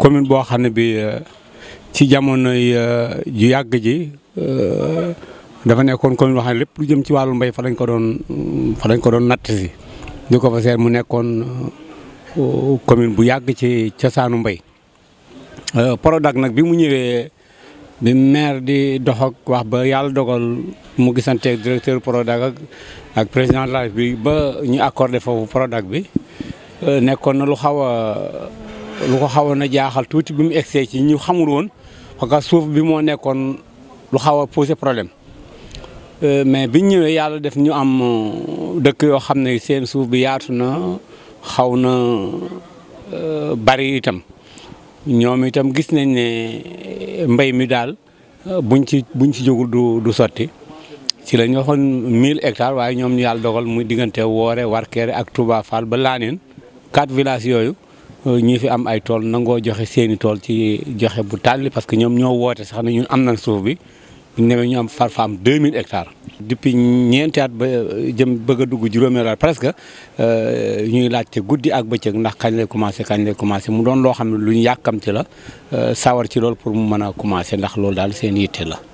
commune boo xam ne bi euh, ci jamonoy euh, ju yàgg ji euh, dafa nekkoon commune boo xam ne lépp lu jëm ci wàllu mbay fa lañ ko doon fa ko doon natt si di ko fa seet mu nekkoon commune bu yàgg ci cosaanu mbay Prodac nag bi mu ñëwee bi maire di doxak wax ba yàlla dogal mu gisanteeg directeur Prodac ak ak président de bi ba ñu accordé foofu Prodac bi nekkoon na lu xaw a lu ko xawoon na jaaxal tuuti bi mu egsee ci ñu xamul woon parce suuf bi moo nekkoon lu xaw a posé problème euh, mais biñ ñëwee yàlla def ñu am euh, dëkk yoo xam ne seen suuf bi yaatu na xaw na euh, bari itam ñoom itam gis nañ ne mbay mi daal buñ ci buñ ci jógul du du sotti ci la ñu waxoon 1000 hectares waaye ñoom ñu yàlla dogal muy diggante Woore Warkeere ak Touba Fall ba laa Laaneen quatre villages yooyu. Euh, ñi fi am ay tool nangoo joxe seeni tool ci joxe bu tàlli parce que ñoom ñoo woote sax ne ñun am nañ suuf bi ñu newee ñu am farfa am 2000 hectares. depuis ñeenti at ba euh, jëm bëgg dugg juróomee at presque euh, ñuy laajte guddi ak bëccëg ndax kañ lay commencé kañ lay commencé mu doon loo xam ne lu ñu yàkkamti la sawar ci lool pour mu mën a commencé ndax loolu daal seen yitte la.